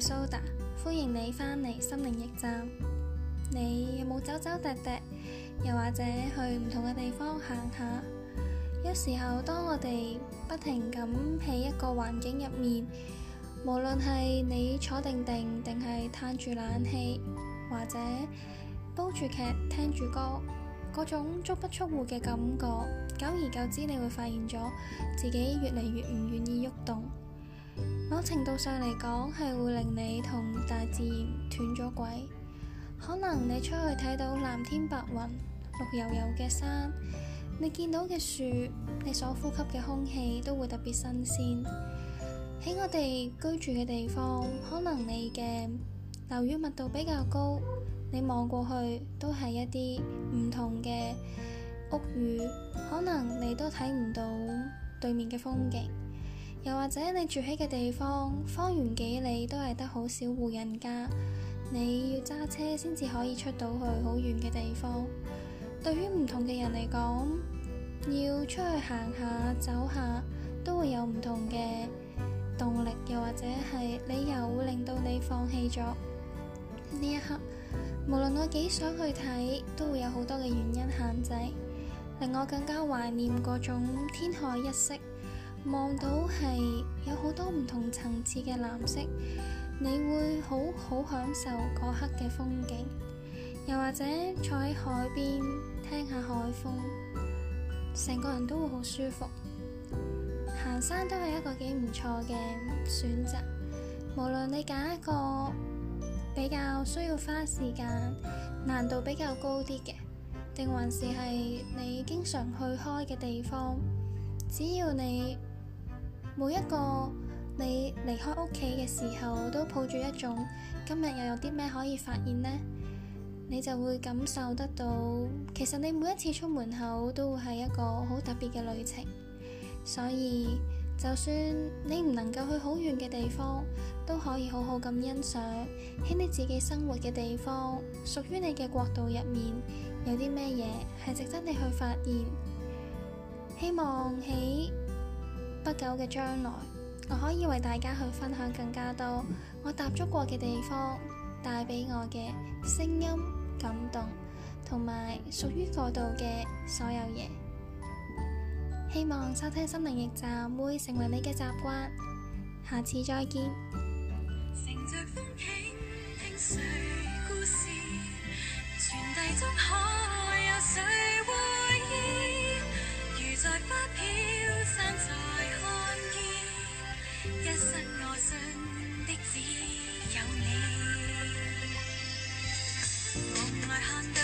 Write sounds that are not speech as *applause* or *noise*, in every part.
Soda，歡迎你返嚟心靈驛站。你有冇走走趯趯，又或者去唔同嘅地方行下？有時候，當我哋不停咁喺一個環境入面，無論係你坐定定，定係嘆住冷氣，或者煲住劇、聽住歌，嗰種足不出戶嘅感覺，久而久之，你會發現咗自己越嚟越唔願意喐動。某程度上嚟講，係會令你同大自然斷咗軌。可能你出去睇到藍天白雲、綠油油嘅山，你見到嘅樹，你所呼吸嘅空氣都會特別新鮮。喺我哋居住嘅地方，可能你嘅樓宇密度比較高，你望過去都係一啲唔同嘅屋宇，可能你都睇唔到對面嘅風景。又或者你住喺嘅地方，方圓幾里都係得好少戶人家，你要揸車先至可以出到去好遠嘅地方。對於唔同嘅人嚟講，要出去行下、走下，都會有唔同嘅動力，又或者係理由會令到你放棄咗。呢一刻，無論我幾想去睇，都會有好多嘅原因限制，令我更加懷念嗰種天海一色。望到係有好多唔同層次嘅藍色，你會好好享受嗰刻嘅風景，又或者坐喺海邊聽下海風，成個人都會好舒服。行山都係一個幾唔錯嘅選擇，無論你揀一個比較需要花時間、難度比較高啲嘅，定還是係你經常去開嘅地方，只要你。每一個你離開屋企嘅時候，都抱住一種今日又有啲咩可以發現呢？你就會感受得到。其實你每一次出門口都會係一個好特別嘅旅程，所以就算你唔能夠去好遠嘅地方，都可以好好咁欣賞喺你自己生活嘅地方，屬於你嘅國度入面有啲咩嘢係值得你去發現。希望喺不久嘅將來，我可以為大家去分享更加多我踏足過嘅地方，帶俾我嘅聲音、感動，同埋屬於嗰度嘅所有嘢。希望收聽心靈驛站會成為你嘅習慣，下次再見。 *music* 一生我信的只有你。夢內看到，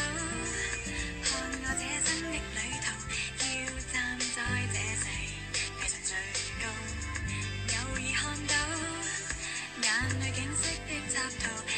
看我這生的旅途，要站在這世地上最高。偶爾看到，眼裏景色的插圖。